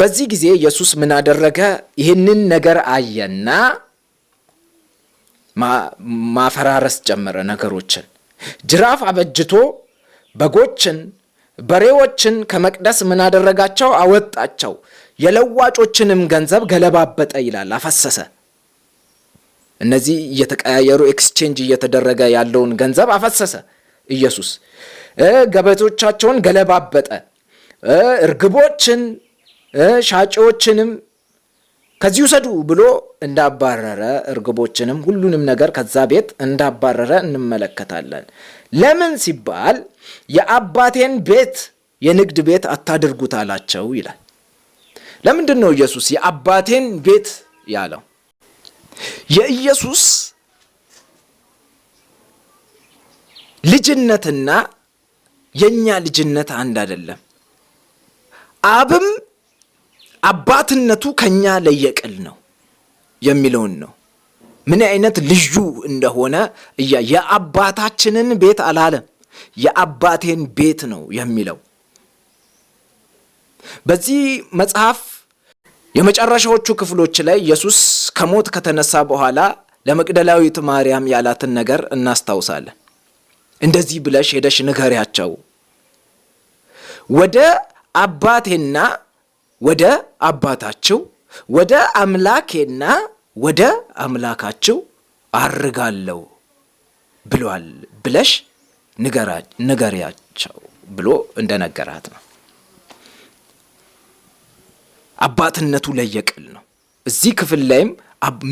በዚህ ጊዜ ኢየሱስ ምን አደረገ? ይህንን ነገር አየና ማፈራረስ ጀመረ ነገሮችን። ጅራፍ አበጅቶ በጎችን፣ በሬዎችን ከመቅደስ ምን አደረጋቸው? አወጣቸው። የለዋጮችንም ገንዘብ ገለባበጠ ይላል፣ አፈሰሰ። እነዚህ እየተቀያየሩ ኤክስቼንጅ እየተደረገ ያለውን ገንዘብ አፈሰሰ ኢየሱስ። ገበቶቻቸውን ገለባበጠ። እርግቦችን ሻጪዎችንም ከዚህ ውሰዱ ብሎ እንዳባረረ እርግቦችንም ሁሉንም ነገር ከዛ ቤት እንዳባረረ እንመለከታለን። ለምን ሲባል የአባቴን ቤት የንግድ ቤት አታድርጉት አላቸው ይላል። ለምንድን ነው ኢየሱስ የአባቴን ቤት ያለው? የኢየሱስ ልጅነትና የእኛ ልጅነት አንድ አይደለም። አብም አባትነቱ ከኛ ለየቅል ነው የሚለውን ነው። ምን አይነት ልዩ እንደሆነ እያ የአባታችንን ቤት አላለም፣ የአባቴን ቤት ነው የሚለው። በዚህ መጽሐፍ የመጨረሻዎቹ ክፍሎች ላይ ኢየሱስ ከሞት ከተነሳ በኋላ ለመቅደላዊት ማርያም ያላትን ነገር እናስታውሳለን። እንደዚህ ብለሽ ሄደሽ ንገሪያቸው ወደ አባቴና ወደ አባታቸው ወደ አምላኬና ወደ አምላካቸው አርጋለሁ ብሏል ብለሽ ንገሪያቸው ብሎ እንደነገራት ነው። አባትነቱ ለየቅል ነው። እዚህ ክፍል ላይም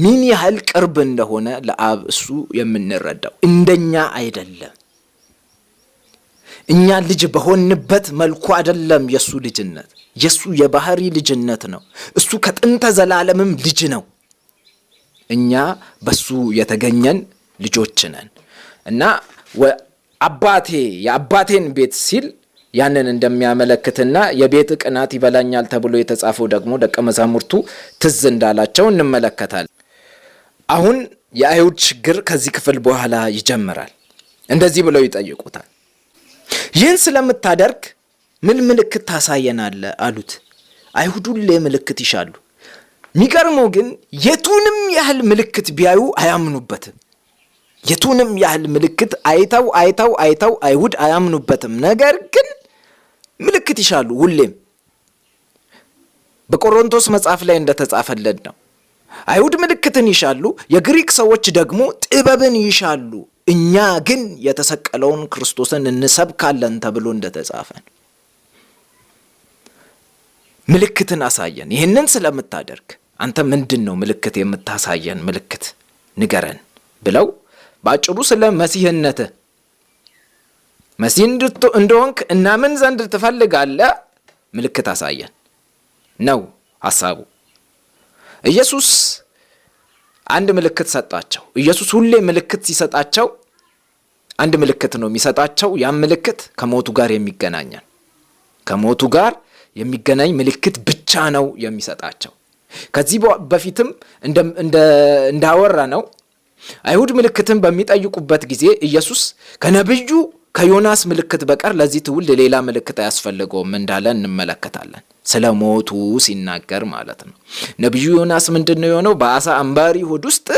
ምን ያህል ቅርብ እንደሆነ ለአብ እሱ የምንረዳው እንደኛ አይደለም። እኛ ልጅ በሆንበት መልኩ አይደለም የእሱ ልጅነት የእሱ የባህሪ ልጅነት ነው። እሱ ከጥንተ ዘላለምም ልጅ ነው። እኛ በሱ የተገኘን ልጆች ነን እና አባቴ የአባቴን ቤት ሲል ያንን እንደሚያመለክትና የቤት ቅናት ይበላኛል ተብሎ የተጻፈው ደግሞ ደቀ መዛሙርቱ ትዝ እንዳላቸው እንመለከታለን። አሁን የአይሁድ ችግር ከዚህ ክፍል በኋላ ይጀምራል። እንደዚህ ብለው ይጠይቁታል፣ ይህን ስለምታደርግ ምን ምልክት ታሳየናለ አሉት። አይሁድ ሁሌ ምልክት ይሻሉ። የሚገርመው ግን የቱንም ያህል ምልክት ቢያዩ አያምኑበትም። የቱንም ያህል ምልክት አይተው አይተው አይተው አይሁድ አያምኑበትም። ነገር ግን ምልክት ይሻሉ ሁሌም። በቆሮንቶስ መጽሐፍ ላይ እንደተጻፈለን ነው አይሁድ ምልክትን ይሻሉ፣ የግሪክ ሰዎች ደግሞ ጥበብን ይሻሉ፣ እኛ ግን የተሰቀለውን ክርስቶስን እንሰብካለን ተብሎ እንደተጻፈን ምልክትን አሳየን። ይህንን ስለምታደርግ አንተ ምንድን ነው ምልክት የምታሳየን ምልክት ንገረን ብለው በአጭሩ ስለ መሲህነትህ መሲህ እንደሆንክ እናምን ዘንድ ትፈልጋለህ፣ ምልክት አሳየን ነው ሀሳቡ ኢየሱስ አንድ ምልክት ሰጣቸው። ኢየሱስ ሁሌ ምልክት ሲሰጣቸው አንድ ምልክት ነው የሚሰጣቸው። ያም ምልክት ከሞቱ ጋር የሚገናኘን ከሞቱ ጋር የሚገናኝ ምልክት ብቻ ነው የሚሰጣቸው። ከዚህ በፊትም እንዳወራ ነው አይሁድ ምልክትን በሚጠይቁበት ጊዜ ኢየሱስ ከነቢዩ ከዮናስ ምልክት በቀር ለዚህ ትውልድ ሌላ ምልክት አያስፈልገውም እንዳለ እንመለከታለን። ስለ ሞቱ ሲናገር ማለት ነው። ነቢዩ ዮናስ ምንድን ነው የሆነው? በአሳ አንባሪ ሆድ ውስጥ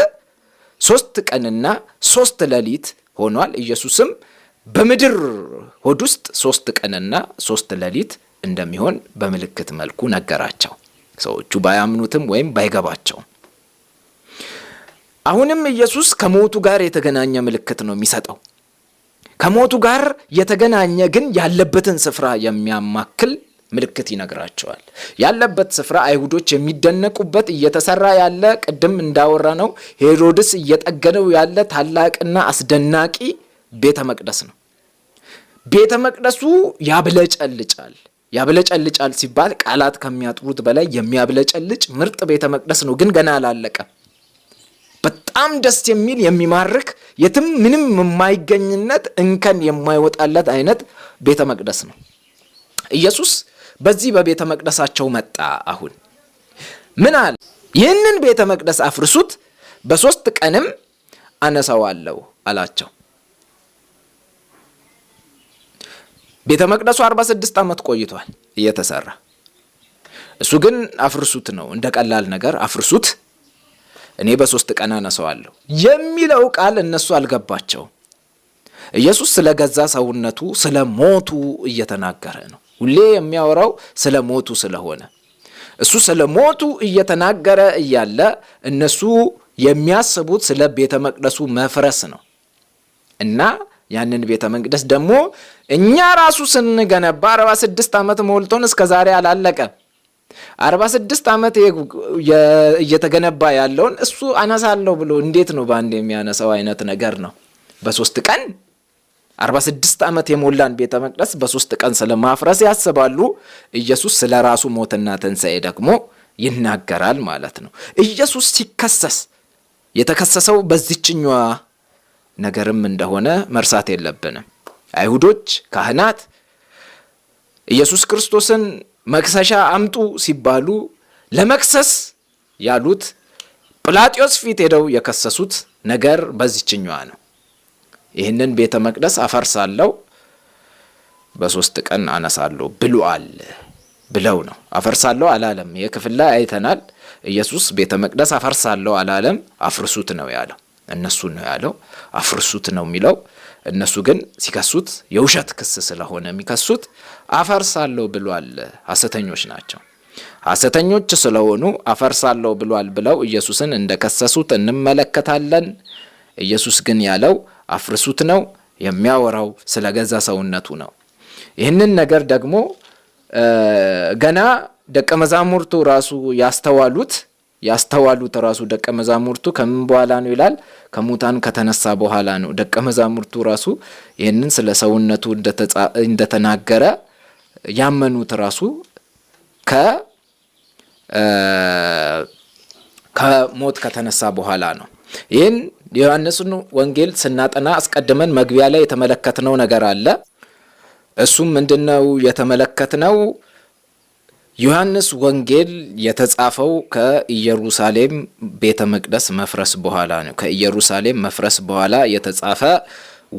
ሶስት ቀንና ሶስት ሌሊት ሆኗል። ኢየሱስም በምድር ሆድ ውስጥ ሶስት ቀንና ሶስት ሌሊት እንደሚሆን በምልክት መልኩ ነገራቸው። ሰዎቹ ባያምኑትም ወይም ባይገባቸውም አሁንም ኢየሱስ ከሞቱ ጋር የተገናኘ ምልክት ነው የሚሰጠው። ከሞቱ ጋር የተገናኘ ግን ያለበትን ስፍራ የሚያማክል ምልክት ይነግራቸዋል። ያለበት ስፍራ አይሁዶች የሚደነቁበት እየተሰራ ያለ ቅድም እንዳወራ ነው ሄሮድስ እየጠገነው ያለ ታላቅና አስደናቂ ቤተ መቅደስ ነው። ቤተ መቅደሱ ያብለጨልጫል። ያብለጨልጫል ሲባል ቃላት ከሚያጥሩት በላይ የሚያብለጨልጭ ምርጥ ቤተ መቅደስ ነው። ግን ገና አላለቀም። በጣም ደስ የሚል የሚማርክ የትም ምንም የማይገኝነት እንከን የማይወጣለት አይነት ቤተ መቅደስ ነው። ኢየሱስ በዚህ በቤተ መቅደሳቸው መጣ። አሁን ምን አለ? ይህንን ቤተ መቅደስ አፍርሱት፣ በሦስት ቀንም አነሳዋለሁ አላቸው። ቤተ መቅደሱ 46 ዓመት ቆይቷል እየተሰራ። እሱ ግን አፍርሱት ነው እንደ ቀላል ነገር አፍርሱት፣ እኔ በሶስት ቀን አነሳዋለሁ የሚለው ቃል እነሱ አልገባቸውም። ኢየሱስ ስለ ገዛ ሰውነቱ ስለ ሞቱ እየተናገረ ነው። ሁሌ የሚያወራው ስለ ሞቱ ስለሆነ እሱ ስለ ሞቱ እየተናገረ እያለ እነሱ የሚያስቡት ስለ ቤተ መቅደሱ መፍረስ ነው እና ያንን ቤተ መቅደስ ደግሞ እኛ ራሱ ስንገነባ 46 ዓመት ሞልቶን እስከ ዛሬ አላለቀ። 46 ዓመት እየተገነባ ያለውን እሱ አነሳለሁ ብሎ እንዴት ነው በአንድ የሚያነሳው አይነት ነገር ነው። በሶስት ቀን 46 ዓመት የሞላን ቤተ መቅደስ በሶስት ቀን ስለማፍረስ ያስባሉ። ኢየሱስ ስለ ራሱ ሞትና ትንሣኤ ደግሞ ይናገራል ማለት ነው። ኢየሱስ ሲከሰስ የተከሰሰው በዚችኛዋ ነገርም እንደሆነ መርሳት የለብንም። አይሁዶች ካህናት ኢየሱስ ክርስቶስን መክሰሻ አምጡ ሲባሉ ለመክሰስ ያሉት ጲላጦስ ፊት ሄደው የከሰሱት ነገር በዚችኛዋ ነው። ይህንን ቤተ መቅደስ አፈርሳለሁ በሶስት ቀን አነሳለሁ ብሏል ብለው ነው። አፈርሳለሁ አላለም። ይህ ክፍል ላይ አይተናል። ኢየሱስ ቤተ መቅደስ አፈርሳለሁ አላለም፣ አፍርሱት ነው ያለው። እነሱን ነው ያለው። አፍርሱት ነው የሚለው። እነሱ ግን ሲከሱት የውሸት ክስ ስለሆነ የሚከሱት አፈርሳለሁ ብሏል። ሐሰተኞች ናቸው። ሐሰተኞች ስለሆኑ አፈርሳለሁ ብሏል ብለው ኢየሱስን እንደከሰሱት እንመለከታለን። ኢየሱስ ግን ያለው አፍርሱት ነው። የሚያወራው ስለ ገዛ ሰውነቱ ነው። ይህንን ነገር ደግሞ ገና ደቀ መዛሙርቱ ራሱ ያስተዋሉት ያስተዋሉት ራሱ ደቀ መዛሙርቱ ከምን በኋላ ነው ይላል? ከሙታን ከተነሳ በኋላ ነው። ደቀ መዛሙርቱ ራሱ ይህንን ስለ ሰውነቱ እንደተናገረ ያመኑት ራሱ ከ ከሞት ከተነሳ በኋላ ነው። ይህን የዮሐንስን ወንጌል ስናጠና አስቀድመን መግቢያ ላይ የተመለከትነው ነገር አለ። እሱም ምንድነው የተመለከትነው? ዮሐንስ ወንጌል የተጻፈው ከኢየሩሳሌም ቤተ መቅደስ መፍረስ በኋላ ነው። ከኢየሩሳሌም መፍረስ በኋላ የተጻፈ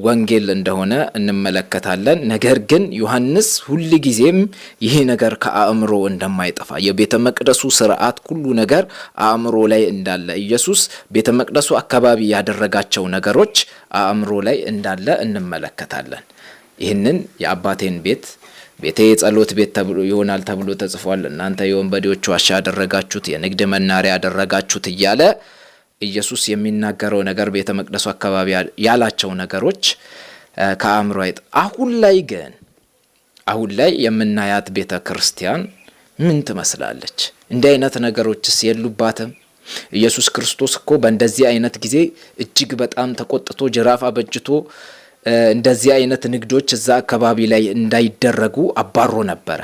ወንጌል እንደሆነ እንመለከታለን። ነገር ግን ዮሐንስ ሁል ጊዜም ይህ ነገር ከአእምሮ እንደማይጠፋ የቤተ መቅደሱ ስርዓት ሁሉ ነገር አእምሮ ላይ እንዳለ ኢየሱስ ቤተ መቅደሱ አካባቢ ያደረጋቸው ነገሮች አእምሮ ላይ እንዳለ እንመለከታለን። ይህንን የአባቴን ቤት ቤቴ የጸሎት ቤት ተብሎ ይሆናል ተብሎ ተጽፏል። እናንተ የወንበዴዎች ዋሻ ያደረጋችሁት፣ የንግድ መናሪያ ያደረጋችሁት እያለ ኢየሱስ የሚናገረው ነገር ቤተ መቅደሱ አካባቢ ያላቸው ነገሮች ከአእምሮ አይጥ አሁን ላይ ግን አሁን ላይ የምናያት ቤተ ክርስቲያን ምን ትመስላለች? እንዲህ አይነት ነገሮችስ የሉባትም? ኢየሱስ ክርስቶስ እኮ በእንደዚህ አይነት ጊዜ እጅግ በጣም ተቆጥቶ ጅራፍ አበጅቶ እንደዚህ አይነት ንግዶች እዛ አካባቢ ላይ እንዳይደረጉ አባሮ ነበረ።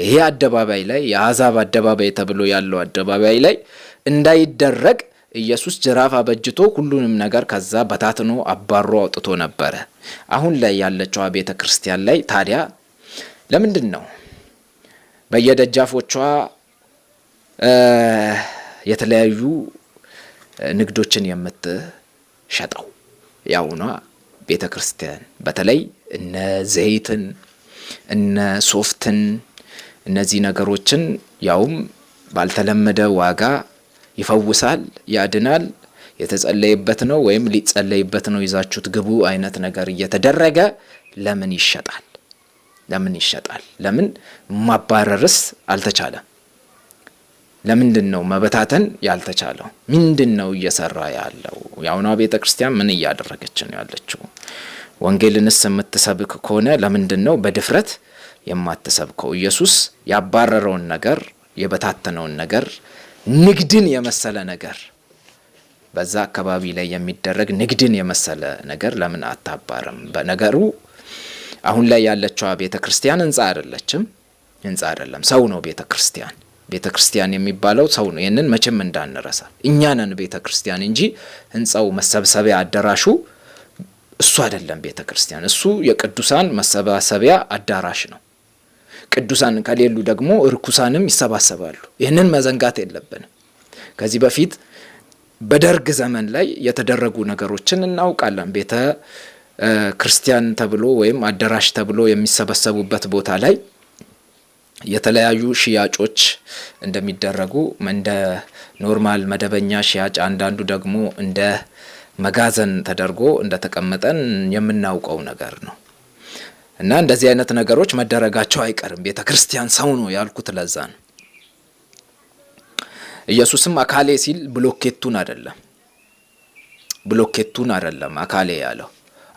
ይሄ አደባባይ ላይ የአሕዛብ አደባባይ ተብሎ ያለው አደባባይ ላይ እንዳይደረግ ኢየሱስ ጅራፍ አበጅቶ ሁሉንም ነገር ከዛ በታትኖ አባሮ አውጥቶ ነበረ። አሁን ላይ ያለችዋ ቤተ ክርስቲያን ላይ ታዲያ ለምንድን ነው በየደጃፎቿ የተለያዩ ንግዶችን የምትሸጠው? ያውኗ ቤተ ክርስቲያን በተለይ እነ ዘይትን እነ ሶፍትን እነዚህ ነገሮችን ያውም ባልተለመደ ዋጋ ይፈውሳል፣ ያድናል፣ የተጸለይበት ነው ወይም ሊጸለይበት ነው፣ ይዛችሁት ግቡ አይነት ነገር እየተደረገ ለምን ይሸጣል? ለምን ይሸጣል? ለምን ማባረርስ አልተቻለም? ለምንድን ነው መበታተን ያልተቻለው? ምንድን ነው እየሰራ ያለው? የአሁኗ ቤተ ክርስቲያን ምን እያደረገች ነው ያለችው? ወንጌልንስ የምትሰብክ ከሆነ ለምንድን ነው በድፍረት የማትሰብከው? ኢየሱስ ያባረረውን ነገር የበታተነውን ነገር ንግድን የመሰለ ነገር በዛ አካባቢ ላይ የሚደረግ ንግድን የመሰለ ነገር ለምን አታባርም? በነገሩ አሁን ላይ ያለችዋ ቤተ ክርስቲያን ህንፃ አይደለችም፣ ህንፃ አይደለም፣ ሰው ነው ቤተ ክርስቲያን። ቤተ ክርስቲያን የሚባለው ሰው ነው። ይህንን መቼም እንዳንረሳ እኛ ነን ቤተ ክርስቲያን እንጂ ህንፃው፣ መሰብሰቢያ አዳራሹ እሱ አይደለም። ቤተ ክርስቲያን እሱ የቅዱሳን መሰባሰቢያ አዳራሽ ነው። ቅዱሳን ከሌሉ ደግሞ እርኩሳንም ይሰባሰባሉ። ይህንን መዘንጋት የለብንም። ከዚህ በፊት በደርግ ዘመን ላይ የተደረጉ ነገሮችን እናውቃለን። ቤተ ክርስቲያን ተብሎ ወይም አዳራሽ ተብሎ የሚሰበሰቡበት ቦታ ላይ የተለያዩ ሽያጮች እንደሚደረጉ እንደ ኖርማል መደበኛ ሽያጭ፣ አንዳንዱ ደግሞ እንደ መጋዘን ተደርጎ እንደተቀመጠን የምናውቀው ነገር ነው እና እንደዚህ አይነት ነገሮች መደረጋቸው አይቀርም። ቤተ ክርስቲያን ሰው ነው ያልኩት ለዛ ነው። ኢየሱስም አካሌ ሲል ብሎኬቱን አይደለም ብሎኬቱን አደለም አካሌ ያለው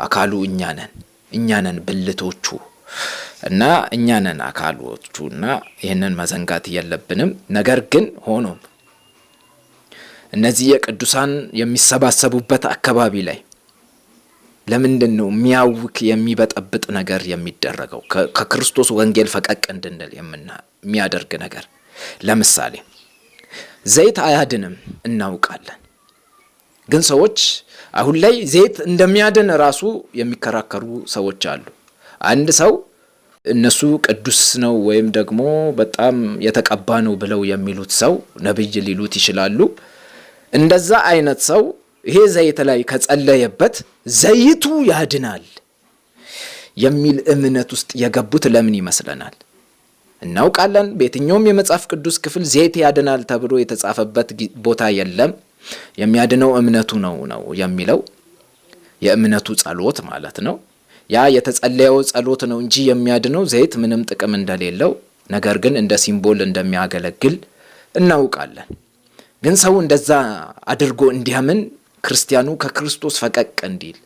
አካሉ እኛ ነን፣ እኛ ነን ብልቶቹ እና እኛ ነን አካሎቹ እና ይህንን መዘንጋት የለብንም። ነገር ግን ሆኖም እነዚህ የቅዱሳን የሚሰባሰቡበት አካባቢ ላይ ለምንድን ነው የሚያውክ የሚበጠብጥ ነገር የሚደረገው? ከክርስቶስ ወንጌል ፈቀቅ እንድንል የሚያደርግ ነገር ለምሳሌ ዘይት አያድንም እናውቃለን። ግን ሰዎች አሁን ላይ ዘይት እንደሚያድን ራሱ የሚከራከሩ ሰዎች አሉ። አንድ ሰው እነሱ ቅዱስ ነው ወይም ደግሞ በጣም የተቀባ ነው ብለው የሚሉት ሰው ነብይ ሊሉት ይችላሉ። እንደዛ አይነት ሰው ይሄ ዘይት ላይ ከጸለየበት ዘይቱ ያድናል የሚል እምነት ውስጥ የገቡት ለምን ይመስለናል? እናውቃለን። በየትኛውም የመጽሐፍ ቅዱስ ክፍል ዘይት ያድናል ተብሎ የተጻፈበት ቦታ የለም። የሚያድነው እምነቱ ነው ነው የሚለው የእምነቱ ጸሎት ማለት ነው። ያ የተጸለየው ጸሎት ነው እንጂ የሚያድነው ዘይት ምንም ጥቅም እንደሌለው ነገር ግን እንደ ሲምቦል እንደሚያገለግል እናውቃለን። ግን ሰው እንደዛ አድርጎ እንዲያምን ክርስቲያኑ ከክርስቶስ ፈቀቅ እንዲል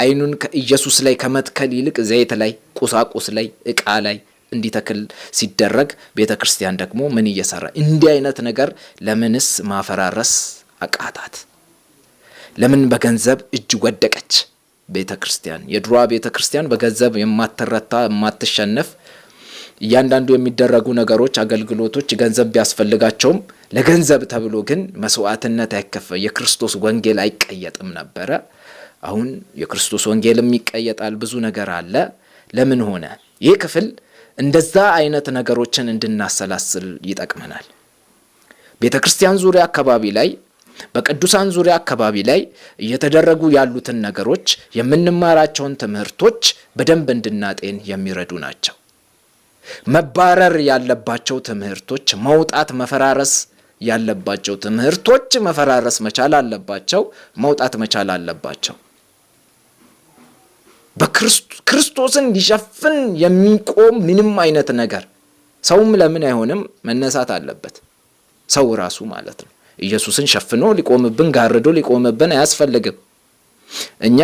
አይኑን ከኢየሱስ ላይ ከመትከል ይልቅ ዘይት ላይ፣ ቁሳቁስ ላይ፣ እቃ ላይ እንዲተክል ሲደረግ ቤተ ክርስቲያን ደግሞ ምን እየሰራ እንዲህ አይነት ነገር ለምንስ ማፈራረስ አቃታት? ለምን በገንዘብ እጅ ወደቀች? ቤተ ክርስቲያን የድሯ ቤተ ክርስቲያን በገንዘብ የማትረታ የማትሸነፍ እያንዳንዱ የሚደረጉ ነገሮች፣ አገልግሎቶች ገንዘብ ቢያስፈልጋቸውም ለገንዘብ ተብሎ ግን መስዋዕትነት አይከፈ የክርስቶስ ወንጌል አይቀየጥም ነበረ። አሁን የክርስቶስ ወንጌልም ይቀየጣል። ብዙ ነገር አለ። ለምን ሆነ ይህ ክፍል? እንደዛ አይነት ነገሮችን እንድናሰላስል ይጠቅመናል። ቤተ ክርስቲያን ዙሪያ አካባቢ ላይ በቅዱሳን ዙሪያ አካባቢ ላይ እየተደረጉ ያሉትን ነገሮች የምንማራቸውን ትምህርቶች በደንብ እንድናጤን የሚረዱ ናቸው። መባረር ያለባቸው ትምህርቶች፣ መውጣት መፈራረስ ያለባቸው ትምህርቶች መፈራረስ መቻል አለባቸው፣ መውጣት መቻል አለባቸው። በክርስቶስን ሊሸፍን የሚቆም ምንም አይነት ነገር ሰውም ለምን አይሆንም? መነሳት አለበት ሰው ራሱ ማለት ነው። ኢየሱስን ሸፍኖ ሊቆምብን ጋርዶ ሊቆምብን አያስፈልግም። እኛ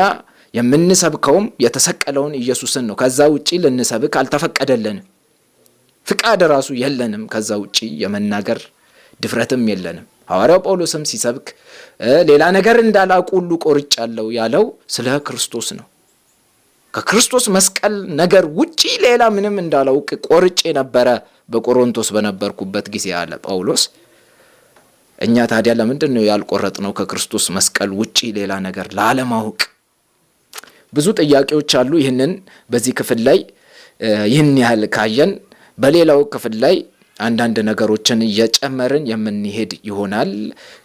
የምንሰብከውም የተሰቀለውን ኢየሱስን ነው። ከዛ ውጪ ልንሰብክ አልተፈቀደልንም። ፍቃድ ራሱ የለንም። ከዛ ውጪ የመናገር ድፍረትም የለንም። ሐዋርያው ጳውሎስም ሲሰብክ ሌላ ነገር እንዳላውቅ ሁሉ ቆርጫለሁ ያለው ስለ ክርስቶስ ነው። ከክርስቶስ መስቀል ነገር ውጪ ሌላ ምንም እንዳላውቅ ቆርጬ ነበረ በቆሮንቶስ በነበርኩበት ጊዜ አለ ጳውሎስ። እኛ ታዲያ ለምንድን ነው ነው ከክርስቶስ መስቀል ውጪ ሌላ ነገር ላለማወቅ? ብዙ ጥያቄዎች አሉ። ይህንን በዚህ ክፍል ላይ ይህን ያህል ካየን በሌላው ክፍል ላይ አንዳንድ ነገሮችን እየጨመርን የምንሄድ ይሆናል።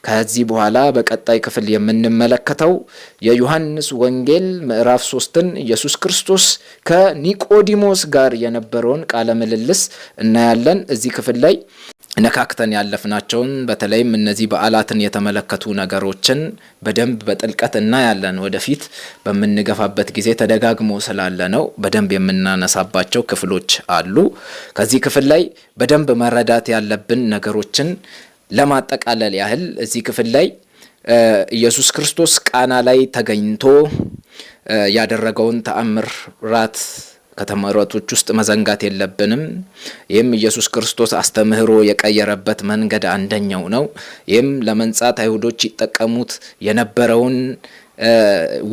ከዚህ በኋላ በቀጣይ ክፍል የምንመለከተው የዮሐንስ ወንጌል ምዕራፍ ሶስትን ኢየሱስ ክርስቶስ ከኒቆዲሞስ ጋር የነበረውን ቃለ ምልልስ እናያለን። እዚህ ክፍል ላይ ነካክተን ያለፍናቸውን በተለይም እነዚህ በዓላትን የተመለከቱ ነገሮችን በደንብ በጥልቀት እናያለን። ወደፊት በምንገፋበት ጊዜ ተደጋግሞ ስላለ ነው በደንብ የምናነሳባቸው ክፍሎች አሉ። ከዚህ ክፍል ላይ በደንብ መረዳት ያለብን ነገሮችን ለማጠቃለል ያህል እዚህ ክፍል ላይ ኢየሱስ ክርስቶስ ቃና ላይ ተገኝቶ ያደረገውን ተአምራት ከተመረጡት ውስጥ መዘንጋት የለብንም። ይህም ኢየሱስ ክርስቶስ አስተምህሮ የቀየረበት መንገድ አንደኛው ነው። ይህም ለመንጻት አይሁዶች ይጠቀሙት የነበረውን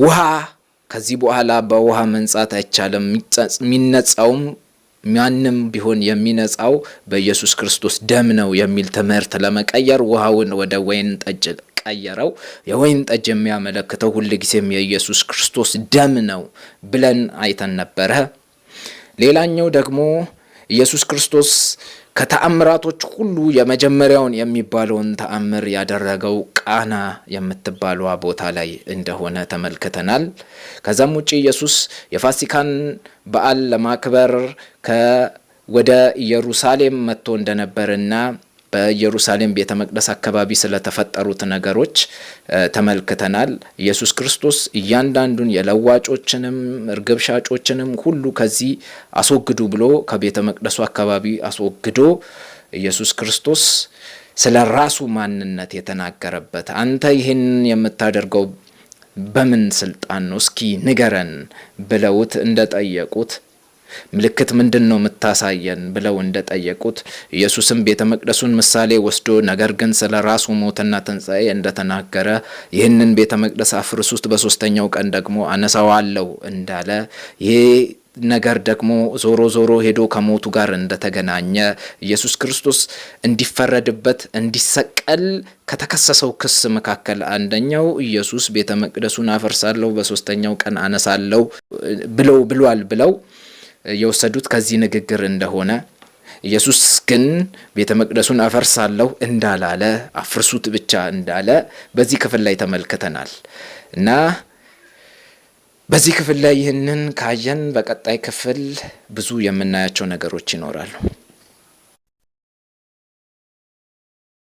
ውሃ ከዚህ በኋላ በውሃ መንጻት አይቻልም። የሚነጻውም ማንም ቢሆን የሚነጻው በኢየሱስ ክርስቶስ ደም ነው የሚል ትምህርት ለመቀየር ውሃውን ወደ ወይን ጠጅ ቀየረው። የወይን ጠጅ የሚያመለክተው ሁልጊዜም የኢየሱስ ክርስቶስ ደም ነው ብለን አይተን ነበረ። ሌላኛው ደግሞ ኢየሱስ ክርስቶስ ከተአምራቶች ሁሉ የመጀመሪያውን የሚባለውን ተአምር ያደረገው ቃና የምትባሏ ቦታ ላይ እንደሆነ ተመልክተናል። ከዛም ውጭ ኢየሱስ የፋሲካን በዓል ለማክበር ወደ ኢየሩሳሌም መጥቶ እንደነበርና በኢየሩሳሌም ቤተ መቅደስ አካባቢ ስለተፈጠሩት ነገሮች ተመልክተናል። ኢየሱስ ክርስቶስ እያንዳንዱን የለዋጮችንም እርግብ ሻጮችንም ሁሉ ከዚህ አስወግዱ ብሎ ከቤተ መቅደሱ አካባቢ አስወግዶ ኢየሱስ ክርስቶስ ስለ ራሱ ማንነት የተናገረበት አንተ ይህንን የምታደርገው በምን ስልጣን ነው? እስኪ ንገረን ብለውት እንደጠየቁት ምልክት ምንድን ነው የምታሳየን ብለው እንደጠየቁት ኢየሱስም ቤተ መቅደሱን ምሳሌ ወስዶ ነገር ግን ስለ ራሱ ሞትና ትንሣኤ እንደተናገረ ይህንን ቤተ መቅደስ አፍርሱት በሶስተኛው ቀን ደግሞ አነሳዋለሁ እንዳለ ይህ ነገር ደግሞ ዞሮ ዞሮ ሄዶ ከሞቱ ጋር እንደተገናኘ ኢየሱስ ክርስቶስ እንዲፈረድበት እንዲሰቀል ከተከሰሰው ክስ መካከል አንደኛው ኢየሱስ ቤተ መቅደሱን አፈርሳለሁ በሶስተኛው ቀን አነሳለሁ ብለው ብሏል ብለው የወሰዱት ከዚህ ንግግር እንደሆነ ኢየሱስ ግን ቤተ መቅደሱን አፈርሳለሁ እንዳላለ አፍርሱት ብቻ እንዳለ በዚህ ክፍል ላይ ተመልክተናል እና በዚህ ክፍል ላይ ይህንን ካየን በቀጣይ ክፍል ብዙ የምናያቸው ነገሮች ይኖራሉ።